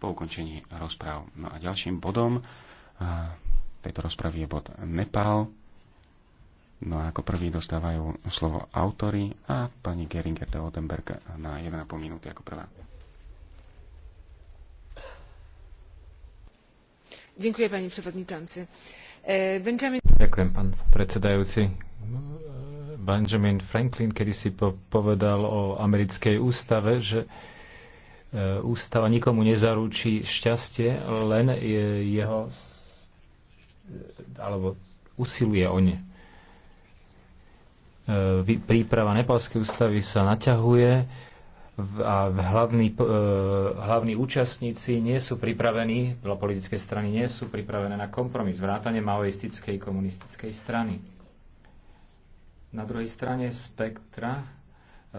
po ukončení rozpráv. No a ďalším bodom tejto rozpravy je bod Nepal. No a ako prvý dostávajú slovo autory a pani Geringer de Odenberg na 1,5 minúty ako prvá. Ďakujem, pani przewodniczący. E, Benjamin... Ďakujem, pán predsedajúci. Benjamin Franklin kedysi povedal o americkej ústave, že E, ústava nikomu nezaručí šťastie, len jeho e, alebo usiluje o ne. E, príprava nepalskej ústavy sa naťahuje a hlavní, hlavní účastníci nie sú pripravení, politické strany nie sú pripravené na kompromis, vrátane maoistickej komunistickej strany. Na druhej strane spektra E, e,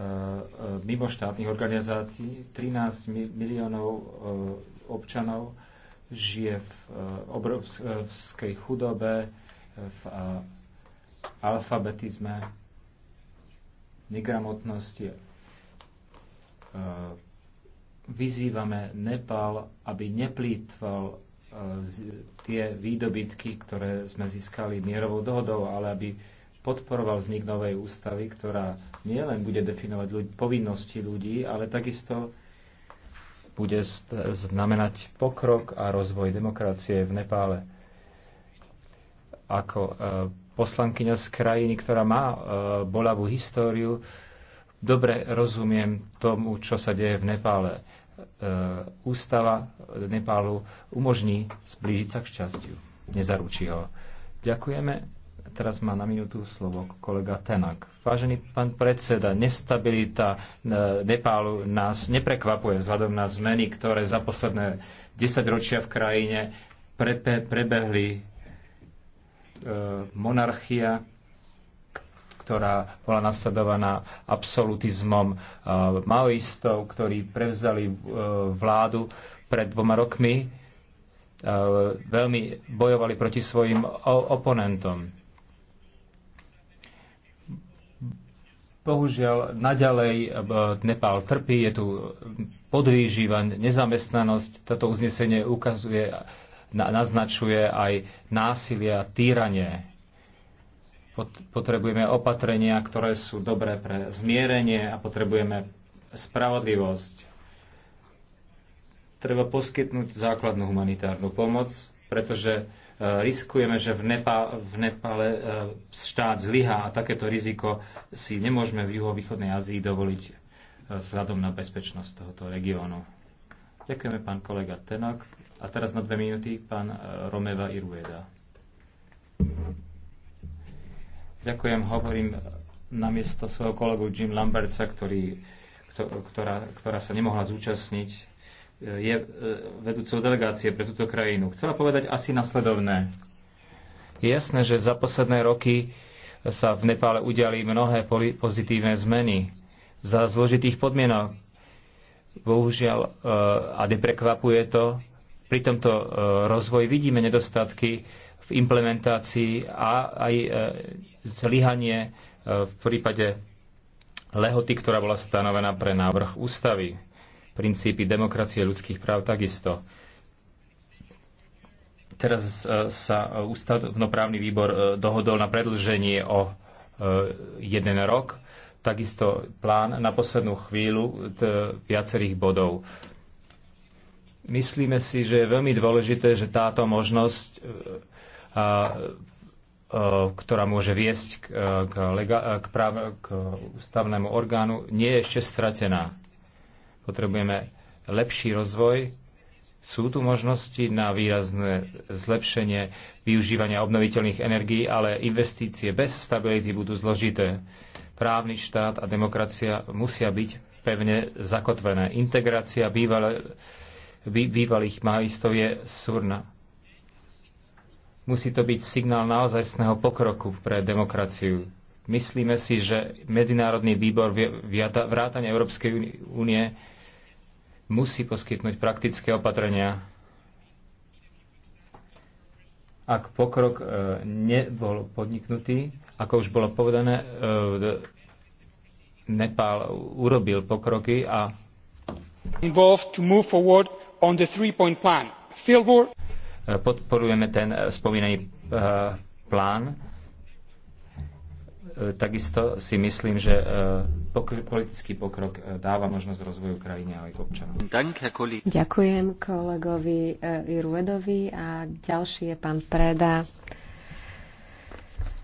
mimoštátnych organizácií. 13 miliónov e, občanov žije v obrovskej chudobe, v alfabetizme, negramotnosti. Vyzývame Nepal, aby neplýtval tie výdobytky, ktoré sme získali mierovou dohodou, ale aby podporoval vznik novej ústavy, ktorá nielen bude definovať ľudí, povinnosti ľudí, ale takisto bude znamenať pokrok a rozvoj demokracie v Nepále. Ako e, poslankyňa z krajiny, ktorá má e, bolavú históriu, dobre rozumiem tomu, čo sa deje v Nepále. E, ústava Nepálu umožní zblížiť sa k šťastiu. Nezaručí ho. Ďakujeme. Teraz má na minútu slovo kolega Tenak. Vážený pán predseda, nestabilita e, Nepálu nás neprekvapuje vzhľadom na zmeny, ktoré za posledné 10 ročia v krajine prepe, prebehli. E, monarchia, ktorá bola nasledovaná absolutizmom e, maoistov, ktorí prevzali vládu pred dvoma rokmi, veľmi bojovali proti svojim oponentom Bohužiaľ, naďalej e, Nepál trpí, je tu podvýživa, nezamestnanosť. Toto uznesenie ukazuje, naznačuje aj násilie a týranie. Potrebujeme opatrenia, ktoré sú dobré pre zmierenie a potrebujeme spravodlivosť. Treba poskytnúť základnú humanitárnu pomoc, pretože Eh, riskujeme, že v, Nepa, v Nepale eh, štát zlyhá a takéto riziko si nemôžeme v juhovýchodnej Ázii dovoliť eh, vzhľadom na bezpečnosť tohoto regiónu. Ďakujeme pán kolega Tenok. A teraz na dve minúty pán Romeva Irueda. Ďakujem, hovorím namiesto svojho kolegu Jim Lambertsa, ktorý, ktorá, ktorá sa nemohla zúčastniť je e, vedúcou delegácie pre túto krajinu. Chcela povedať asi nasledovné. Je jasné, že za posledné roky sa v Nepále udiali mnohé pozitívne zmeny za zložitých podmienok. Bohužiaľ, e, a neprekvapuje to, pri tomto e, rozvoji vidíme nedostatky v implementácii a aj zlyhanie v prípade lehoty, ktorá bola stanovená pre návrh ústavy princípy demokracie ľudských práv takisto. Teraz e, sa e, ústavnoprávny výbor e, dohodol na predlženie o jeden rok. Takisto plán na poslednú chvíľu viacerých bodov. Myslíme si, že je veľmi dôležité, že táto možnosť, ktorá môže viesť k, k, k, práv, k ústavnému orgánu, nie je ešte stratená potrebujeme lepší rozvoj. Sú tu možnosti na výrazné zlepšenie využívania obnoviteľných energií, ale investície bez stability budú zložité. Právny štát a demokracia musia byť pevne zakotvené. Integrácia bývalé, bý, bývalých majistov je surna. Musí to byť signál naozajstného pokroku pre demokraciu. Myslíme si, že Medzinárodný výbor vrátane Európskej únie musí poskytnúť praktické opatrenia. Ak pokrok e, nebol podniknutý, ako už bolo povedané, e, Nepál urobil pokroky a e, podporujeme ten spomínaný plán. Takisto si myslím, že pokr- politický pokrok e, dáva možnosť rozvoju krajiny aj občanom. Ďakujem kolegovi e, Iruedovi a ďalší je pán Preda.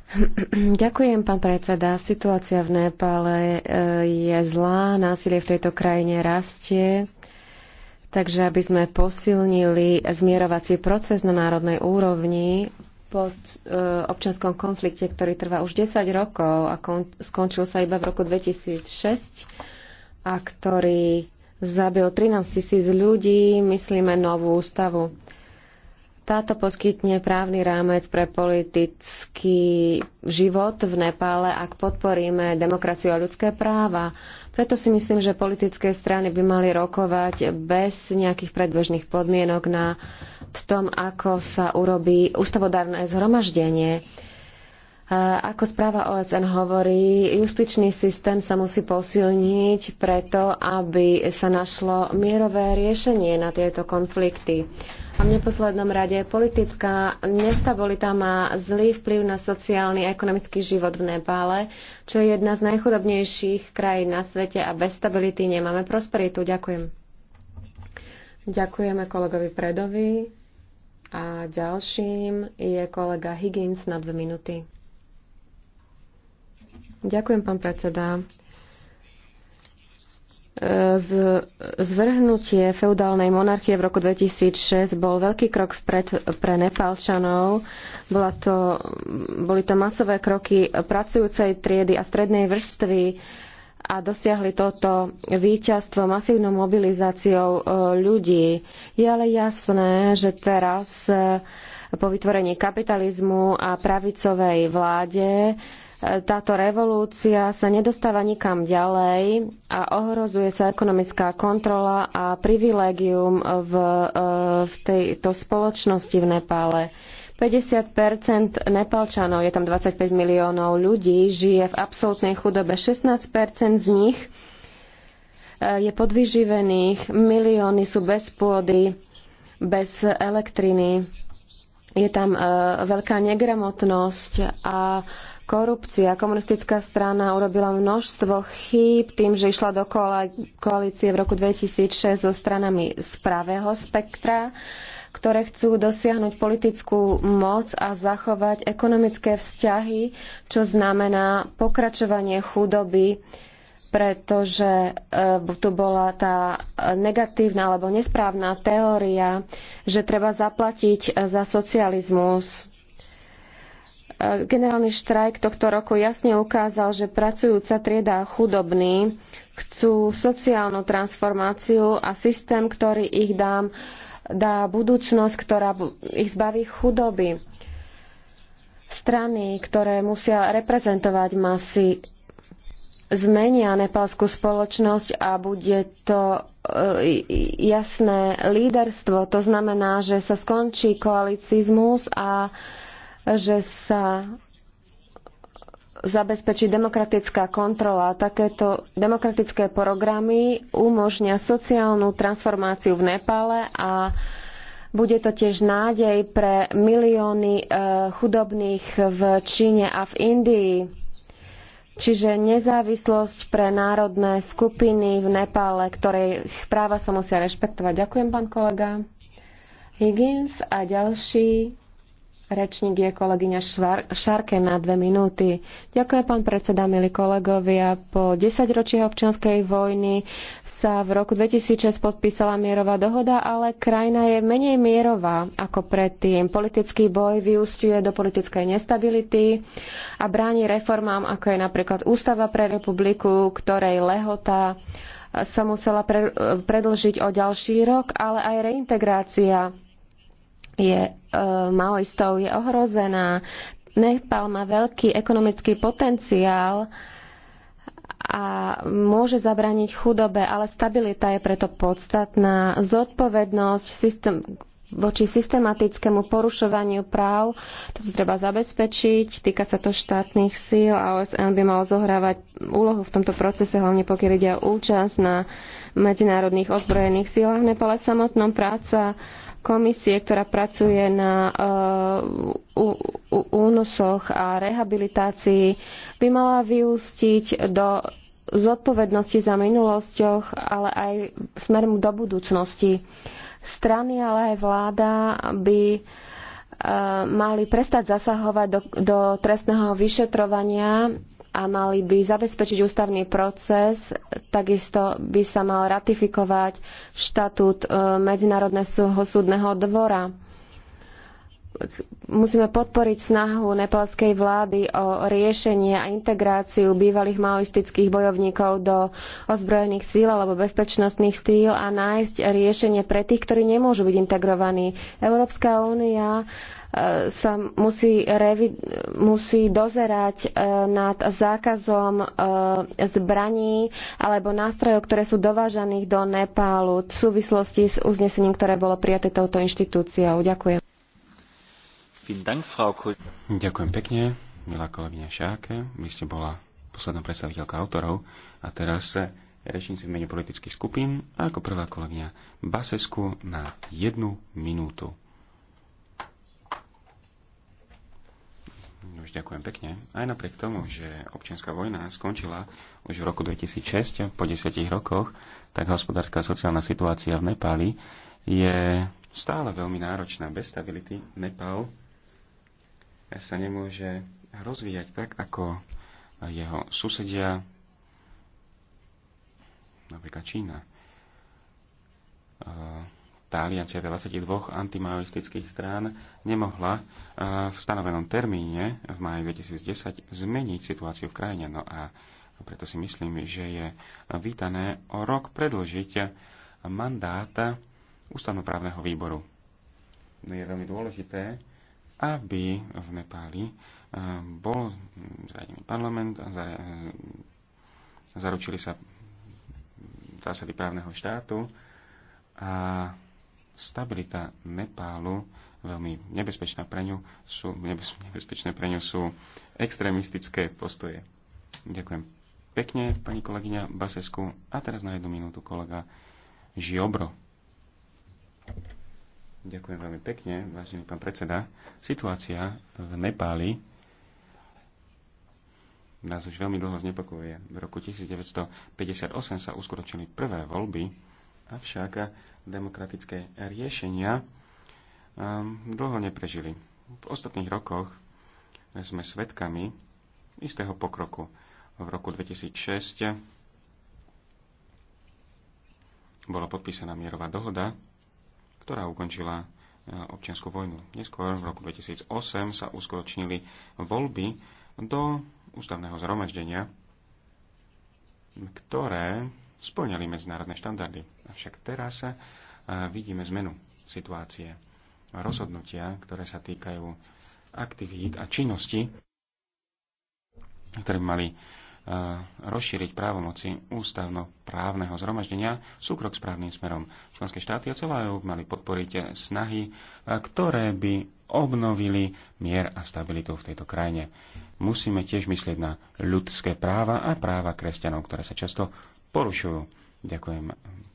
Ďakujem, pán predseda. Situácia v Nepále e, je zlá, násilie v tejto krajine rastie. Takže aby sme posilnili zmierovací proces na národnej úrovni, pod e, občanskom konflikte, ktorý trvá už 10 rokov a kon, skončil sa iba v roku 2006 a ktorý zabil 13 tisíc ľudí, myslíme novú ústavu. Táto poskytne právny rámec pre politický život v Nepále, ak podporíme demokraciu a ľudské práva. Preto si myslím, že politické strany by mali rokovať bez nejakých predbežných podmienok na tom, ako sa urobí ústavodárne zhromaždenie. Ako správa OSN hovorí, justičný systém sa musí posilniť preto, aby sa našlo mierové riešenie na tieto konflikty. A v neposlednom rade politická nestabilita má zlý vplyv na sociálny a ekonomický život v Nepále, čo je jedna z najchudobnejších krajín na svete a bez stability nemáme prosperitu. Ďakujem. Ďakujeme kolegovi Predovi. A ďalším je kolega Higgins na dve minúty. Ďakujem, pán predseda. Zvrhnutie feudálnej monarchie v roku 2006 bol veľký krok vpred pre Nepálčanov. Bola to, boli to masové kroky pracujúcej triedy a strednej vrstvy a dosiahli toto víťazstvo masívnou mobilizáciou e, ľudí. Je ale jasné, že teraz e, po vytvorení kapitalizmu a pravicovej vláde táto revolúcia sa nedostáva nikam ďalej a ohrozuje sa ekonomická kontrola a privilégium v, e, v tejto spoločnosti v Nepále. 50 Nepalčanov, je tam 25 miliónov ľudí, žije v absolútnej chudobe. 16 z nich e, je podvyživených, milióny sú bez pôdy, bez elektriny, je tam e, veľká negramotnosť a korupcia. Komunistická strana urobila množstvo chýb tým, že išla do koalície v roku 2006 so stranami z pravého spektra, ktoré chcú dosiahnuť politickú moc a zachovať ekonomické vzťahy, čo znamená pokračovanie chudoby, pretože e, tu bola tá negatívna alebo nesprávna teória, že treba zaplatiť za socializmus Eh, generálny štrajk tohto roku jasne ukázal, že pracujúca trieda chudobní chcú sociálnu transformáciu a systém, ktorý ich dá, dá budúcnosť, ktorá ich zbaví chudoby. Strany, ktoré musia reprezentovať masy, zmenia nepalskú spoločnosť a bude to eh, jasné líderstvo. To znamená, že sa skončí koalicizmus a že sa zabezpečí demokratická kontrola. Takéto demokratické programy umožnia sociálnu transformáciu v Nepále a bude to tiež nádej pre milióny e, chudobných v Číne a v Indii. Čiže nezávislosť pre národné skupiny v Nepále, ktorých práva sa musia rešpektovať. Ďakujem, pán kolega Higgins. A ďalší Rečník je kolegyňa Švar- Šarke na dve minúty. Ďakujem, pán predseda, milí kolegovia. Po 10 ročí občianskej vojny sa v roku 2006 podpísala mierová dohoda, ale krajina je menej mierová ako predtým. Politický boj vyústiuje do politickej nestability a bráni reformám, ako je napríklad Ústava pre republiku, ktorej lehota sa musela pre- predlžiť o ďalší rok, ale aj reintegrácia je e, maoistov je ohrozená. Nepal má veľký ekonomický potenciál a môže zabrániť chudobe, ale stabilita je preto podstatná. Zodpovednosť systém, voči systematickému porušovaniu práv, toto treba zabezpečiť, týka sa to štátnych síl a OSN by malo zohrávať úlohu v tomto procese, hlavne pokiaľ ide o účasť na medzinárodných ozbrojených sílach v Nepale samotnom práca komisie, ktorá pracuje na eh, únosoch a rehabilitácii, by mala vyústiť do zodpovednosti za minulosťoch, ale aj smerom do budúcnosti. Strany, ale aj vláda by uh, E, mali prestať zasahovať do, do trestného vyšetrovania a mali by zabezpečiť ústavný proces. Takisto by sa mal ratifikovať štatút e, Medzinárodného súdneho dvora musíme podporiť snahu nepalskej vlády o riešenie a integráciu bývalých maoistických bojovníkov do ozbrojených síl alebo bezpečnostných síl a nájsť riešenie pre tých, ktorí nemôžu byť integrovaní. Európska únia e, sa musí, revi- musí dozerať e, nad zákazom e, zbraní alebo nástrojov, ktoré sú dovážaných do Nepálu v súvislosti s uznesením, ktoré bolo prijaté touto inštitúciou. Ďakujem. Ďakujem pekne, milá kolegyňa Šáke. Vy ste bola posledná predstaviteľka autorov a teraz rečníci v mene politických skupín a ako prvá kolegyňa Basesku na jednu minútu. Už ďakujem pekne. Aj napriek tomu, že občianská vojna skončila už v roku 2006, po desiatich rokoch, tak hospodárska sociálna situácia v Nepáli je stále veľmi náročná. Bez stability Nepál sa nemôže rozvíjať tak, ako jeho susedia, napríklad Čína. E, tá aliancia 22 antimaoistických strán nemohla e, v stanovenom termíne v maji 2010 zmeniť situáciu v krajine. No a preto si myslím, že je vítané o rok predlžiť mandát ústavnoprávneho výboru. No je veľmi dôležité, aby v Nepáli eh, bol zradený parlament a eh, zaručili sa zásady právneho štátu a stabilita Nepálu veľmi nebezpečná pre ňu sú, nebezpečné pre ňu sú extrémistické postoje. Ďakujem pekne, pani kolegyňa Basesku. A teraz na jednu minútu kolega Žiobro. Ďakujem veľmi pekne, vážený pán predseda. Situácia v Nepáli nás už veľmi dlho znepokojuje. V roku 1958 sa uskutočnili prvé voľby, avšak demokratické riešenia ehm, dlho neprežili. V ostatných rokoch sme svedkami istého pokroku. V roku 2006 bola podpísaná mierová dohoda, ktorá ukončila e, občianskú vojnu. Neskôr v roku 2008 sa uskutočnili voľby do ústavného zhromaždenia, ktoré splňali medzinárodné štandardy. Avšak teraz sa e, vidíme zmenu situácie. Rozhodnutia, ktoré sa týkajú aktivít a činnosti, ktoré mali rozšíriť právomoci ústavno-právneho zhromaždenia sú krok správnym smerom. Členské štáty a celá EU mali podporiť snahy, ktoré by obnovili mier a stabilitu v tejto krajine. Musíme tiež myslieť na ľudské práva a práva kresťanov, ktoré sa často porušujú. Ďakujem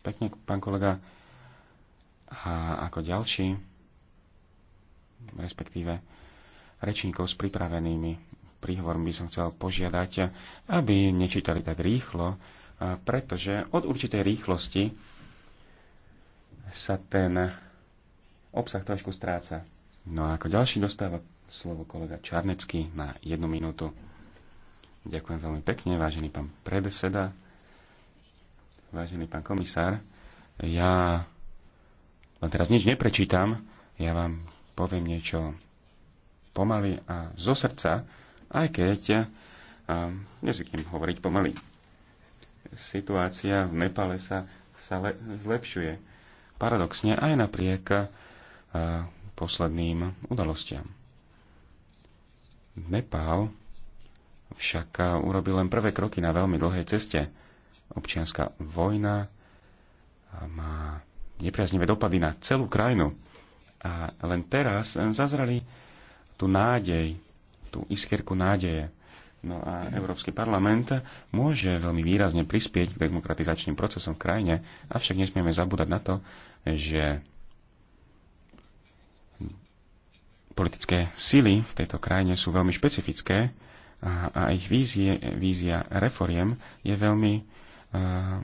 pekne, pán kolega. A ako ďalší, respektíve rečníkov s pripravenými príhovor by som chcel požiadať, aby nečítali tak rýchlo, pretože od určitej rýchlosti sa ten obsah trošku stráca. No a ako ďalší dostáva slovo kolega Čarnecký na jednu minútu. Ďakujem veľmi pekne, vážený pán predseda, vážený pán komisár. Ja vám teraz nič neprečítam, ja vám poviem niečo pomaly a zo srdca, aj keď ehm, nezvyknem hovoriť pomaly. Situácia v Nepale sa, sa le, zlepšuje. Paradoxne aj napriek eh, posledným udalostiam. Nepál však urobil len prvé kroky na veľmi dlhej ceste. Občianská vojna eh, má nepriaznivé dopady na celú krajinu. A len teraz zazrali tu nádej tú iskierku nádeje. No a Európsky parlament môže veľmi výrazne prispieť k demokratizačným procesom v krajine, avšak nesmieme zabúdať na to, že politické sily v tejto krajine sú veľmi špecifické a, a ich vízie, vízia reforiem je veľmi, uh,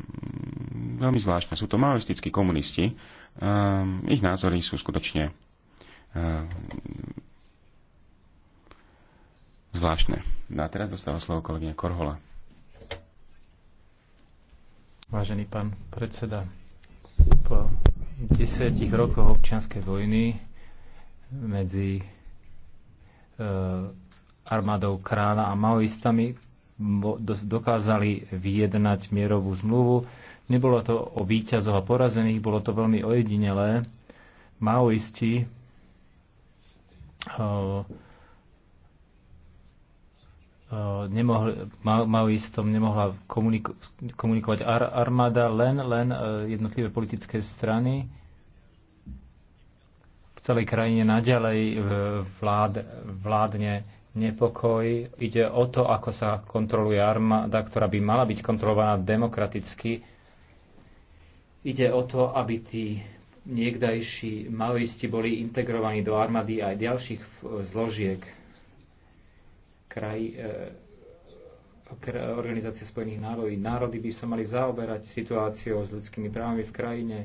veľmi zvláštna. Sú to maoistickí komunisti, eh, ich názory sú skutočne uh, zvláštne. No a teraz dostáva slovo kolegyňa Korhola. Vážený pán predseda, po desiatich rokoch občianskej vojny medzi e, armádou kráľa a maoistami dokázali vyjednať mierovú zmluvu. Nebolo to o výťazoch a porazených, bolo to veľmi ojedinelé. Maoisti e, Eh, nemohli, maoistom nemohla komuniko- komunikovať ar- armáda, len, len eh, jednotlivé politické strany. V celej krajine naďalej eh, vlád, vládne nepokoj. Ide o to, ako sa kontroluje armáda, ktorá by mala byť kontrolovaná demokraticky. Ide o to, aby tí niekdajší maoisti boli integrovaní do armády aj ďalších zložiek kraj, e, Organizácie spojených národov. Národy by sa mali zaoberať situáciou s ľudskými právami v krajine.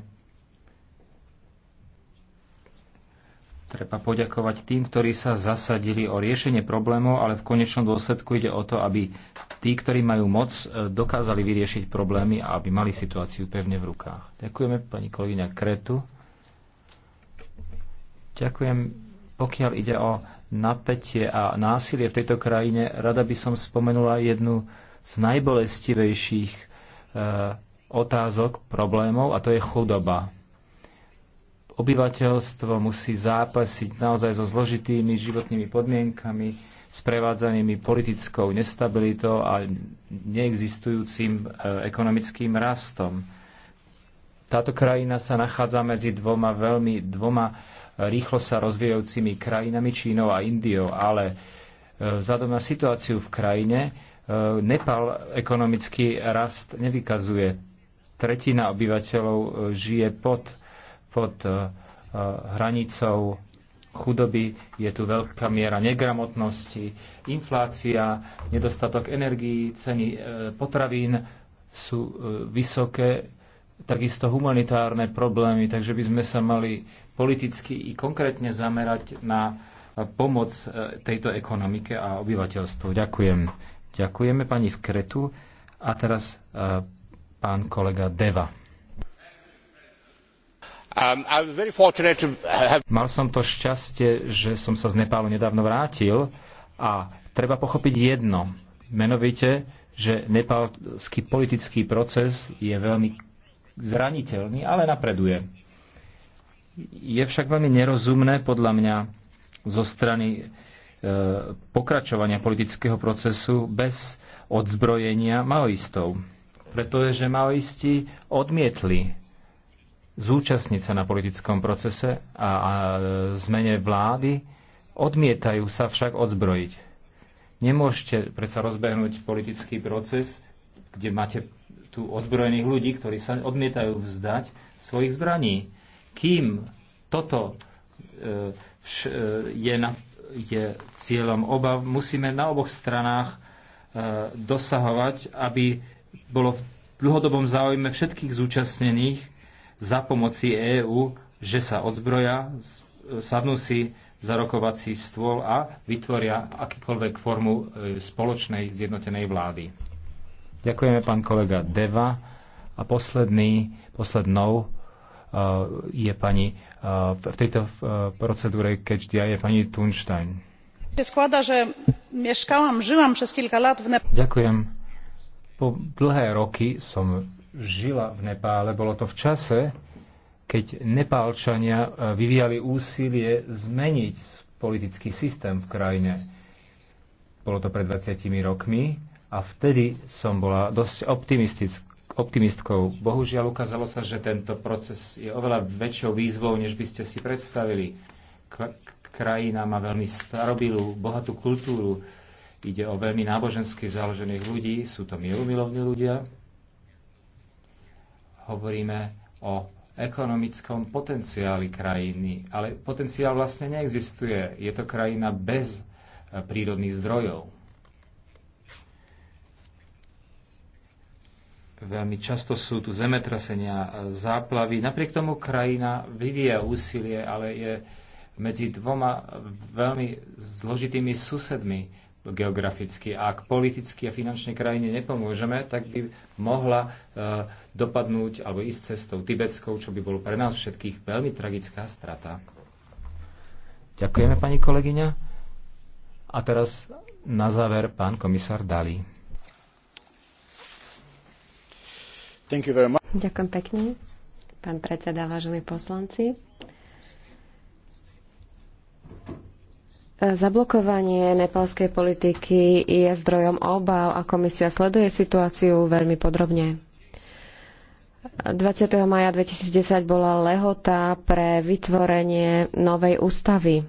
Treba poďakovať tým, ktorí sa zasadili o riešenie problémov, ale v konečnom dôsledku ide o to, aby tí, ktorí majú moc, e, dokázali vyriešiť problémy a aby mali situáciu pevne v rukách. Ďakujeme pani kolegyňa Kretu. Ďakujem pokiaľ ide o napätie a násilie v tejto krajine, rada by som spomenula jednu z najbolestivejších e, otázok, problémov, a to je chudoba. Obyvateľstvo musí zápasiť naozaj so zložitými životnými podmienkami, sprevádzanými politickou nestabilitou a neexistujúcim eh, ekonomickým rastom. Táto krajina sa nachádza medzi dvoma veľmi dvoma rýchlo sa rozvíjajúcimi krajinami Čínou a Indiou, ale e, vzhľadom na situáciu v krajine e, Nepal ekonomický rast nevykazuje. Tretina obyvateľov e, žije pod, pod hranicou chudoby, je tu veľká miera negramotnosti, inflácia, nedostatok energií, ceny potravín sú vysoké, takisto humanitárne problémy, takže by sme sa mali politicky i konkrétne zamerať na pomoc e, tejto ekonomike a obyvateľstvu. Ďakujem. Ďakujeme pani v Kretu. A teraz e, pán kolega Deva. Um, Mal som to šťastie, že som sa z Nepálu nedávno vrátil a treba pochopiť jedno. Menovite, že nepálsky politický proces je veľmi zraniteľný, ale napreduje je však veľmi nerozumné podľa mňa zo strany e, pokračovania politického procesu bez odzbrojenia maoistov. Pretože maoisti odmietli zúčastniť sa na politickom procese a, a zmene vlády, odmietajú sa však odzbrojiť. Nemôžete predsa rozbehnúť politický proces, kde máte tu ozbrojených ľudí, ktorí sa odmietajú vzdať svojich zbraní kým toto e, e, je, na, je cieľom obav, musíme na oboch stranách e, dosahovať, aby bolo v dlhodobom záujme všetkých zúčastnených za pomoci EÚ, že sa odzbroja, sadnú si za rokovací stôl a vytvoria akýkoľvek formu spoločnej zjednotenej vlády. Ďakujeme pán kolega Deva a posledný, poslednou Eh, je pani eh, v tejto eh, procedúre, keď je pani Thunstein. Ďakujem. Po dlhé roky som žila v Nepále. Bolo to v čase, keď Nepálčania vyvíjali úsilie zmeniť politický systém v krajine. Bolo to pred 20 rokmi a vtedy som bola dosť optimistická optimistkou. Bohužiaľ ukázalo sa, že tento proces je oveľa väčšou výzvou, než by ste si predstavili. Krajina má veľmi starobilú, bohatú kultúru, ide o veľmi nábožensky založených ľudí, sú to mierumilovní ľudia. Hovoríme o ekonomickom potenciáli krajiny, ale potenciál vlastne neexistuje. Je to krajina bez eh, prírodných zdrojov. Veľmi často sú tu zemetrasenia, záplavy. Napriek tomu krajina vyvíja úsilie, ale je medzi dvoma veľmi zložitými susedmi geograficky. A ak politicky a finančne krajine nepomôžeme, tak by mohla e, dopadnúť alebo ísť cestou tibetskou, čo by bolo pre nás všetkých veľmi tragická strata. Ďakujeme, pani kolegyňa. A teraz na záver pán komisár Dali. Ďakujem pekne, pán predseda, vážení poslanci. Zablokovanie nepalskej politiky je zdrojom obav a komisia sleduje situáciu veľmi podrobne. 20. maja 2010 bola lehota pre vytvorenie novej ústavy.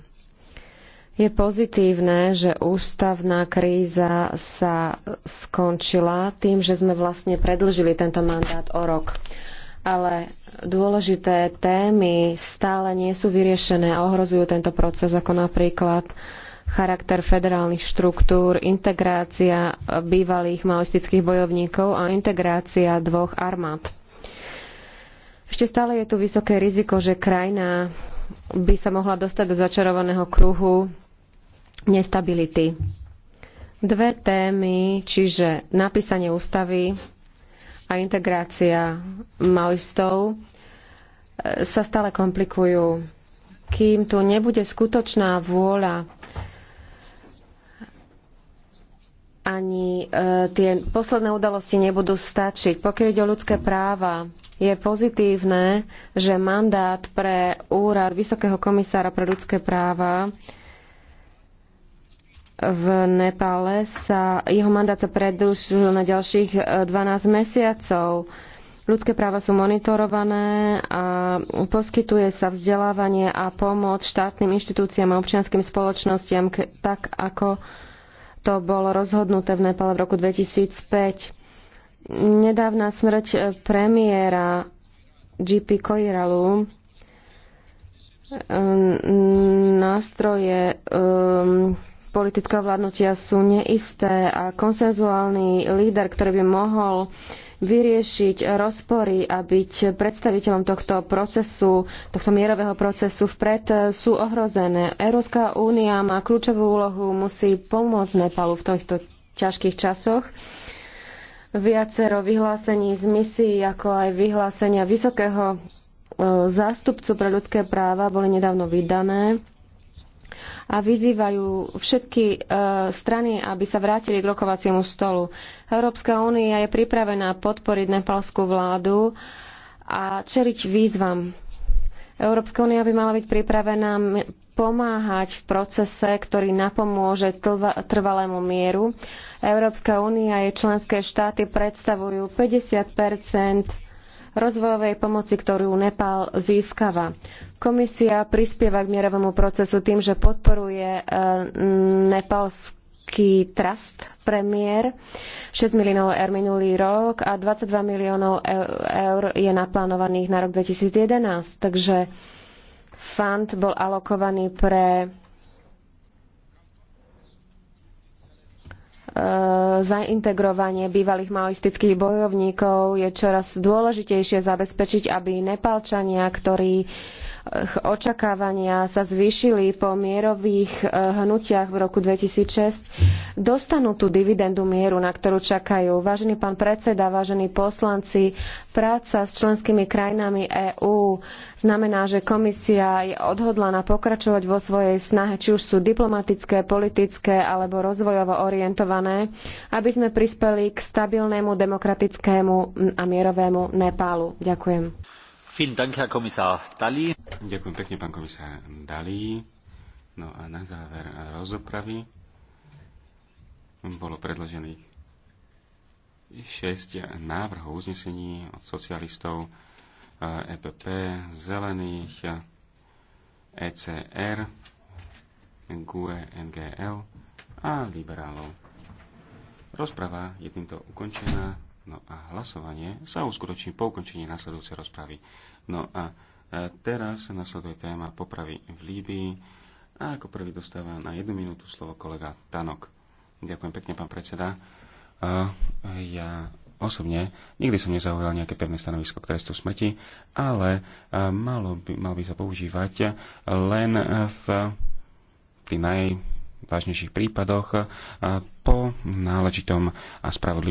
Je pozitívne, že ústavná kríza sa skončila tým, že sme vlastne predlžili tento mandát o rok. Ale dôležité témy stále nie sú vyriešené a ohrozujú tento proces, ako napríklad charakter federálnych štruktúr, integrácia bývalých maoistických bojovníkov a integrácia dvoch armád. Ešte stále je tu vysoké riziko, že krajina by sa mohla dostať do začarovaného kruhu nestability. Dve témy, čiže napísanie ústavy a integrácia maoistov e, sa stále komplikujú. Kým tu nebude skutočná vôľa ani e, tie posledné udalosti nebudú stačiť. Pokiaľ ide o ľudské práva, je pozitívne, že mandát pre úrad Vysokého komisára pre ľudské práva v Nepále sa, jeho mandát sa predlžil na ďalších 12 e, mesiacov. Ľudské práva sú monitorované a poskytuje sa vzdelávanie a pomoc štátnym inštitúciám a občianským spoločnostiam tak, ako to bolo rozhodnuté v Nepále v roku 2005. Nedávna smrť e, premiéra GP Koiralu Ehm, nástroje um, ehm, politického vládnutia sú neisté a konsenzuálny líder, ktorý by mohol vyriešiť rozpory a byť predstaviteľom tohto procesu, tohto mierového procesu vpred, eh, sú ohrozené. Európska únia má kľúčovú úlohu, musí pomôcť Nepalu v týchto ťažkých časoch. Viacero vyhlásení z misií, ako aj vyhlásenia vysokého zástupcu pre ľudské práva boli nedávno vydané a vyzývajú všetky e, strany, aby sa vrátili k rokovaciemu stolu. Európska únia je pripravená podporiť nepalskú vládu a čeliť výzvam. Európska únia by mala byť pripravená pomáhať v procese, ktorý napomôže trvalému mieru. Európska únia a jej členské štáty predstavujú 50 rozvojovej pomoci, ktorú Nepál získava. Komisia prispieva k mierovému procesu tým, že podporuje e, nepalský trust premiér 6 miliónov eur minulý rok a 22 miliónov e, eur je naplánovaných na rok 2011. Takže fond bol alokovaný pre zaintegrovanie bývalých maoistických bojovníkov je čoraz dôležitejšie zabezpečiť, aby Nepálčania, ktorí eh, očakávania sa zvýšili po mierových eh, hnutiach v roku 2006, dostanú tú dividendu mieru, na ktorú čakajú. Vážený pán predseda, vážení poslanci, práca s členskými krajinami EÚ znamená, že komisia je odhodlaná pokračovať vo svojej snahe, či už sú diplomatické, politické alebo rozvojovo orientované, aby sme prispeli k stabilnému, demokratickému a mierovému Nepálu. Ďakujem. Ďakujem pekne, pán komisár Dalí. No a na záver rozopravy bolo predložených 6 návrhov uznesení od socialistov EPP, eh, e Zelených, ECR, GUE, NGL a liberálov. Rozprava je týmto ukončená, no a hlasovanie sa uskutoční po ukončení nasledujúcej rozpravy. No a eh, teraz nasleduje téma popravy v Líbii a ako prvý dostáva na jednu minútu slovo kolega Tanok. Ďakujem pekne, pán predseda. Eh, ja osobne nikdy som nezaujal nejaké pevné stanovisko k trestu smrti, ale eh, malo by, mal by sa používať len v tých najvážnejších prípadoch eh, po náležitom a spravodlivom